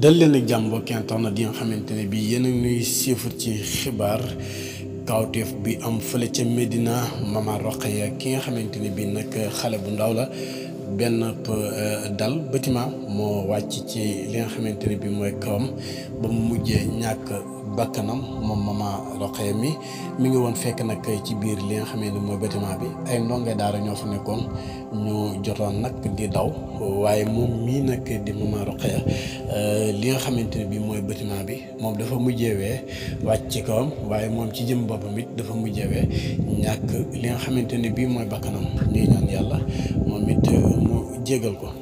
dal leen ak jàmm mbokk internet yi nga xamante ne bii yéen a nuy ci xibaar kawteef bi am fële ca Medina Mama Rokhaya ki nga xamante ne bii nag xale bu ndaw la. benn euh, dal bâtiment moo wàcc ci li nga xamante ne bi mooy kawam ba mu mujjee ñàkk bakkanam moom maman Roqaya mi mi ngi woon fekk nag ci biir li nga xamante mooy bâtiment bi ay ndonge daara ñoo fa nekkoon ñu jotoon nag di waaye moom mii nag di maman euh, li nga xamante ne bi mooy bâtiment bi moom dafa mujjewee wàcc ci kawam waaye moom ci jëm boppam it dafa mujjewee ñàkk li nga xamante ne bi mooy bakkanam ñuy ñaan jéggal ko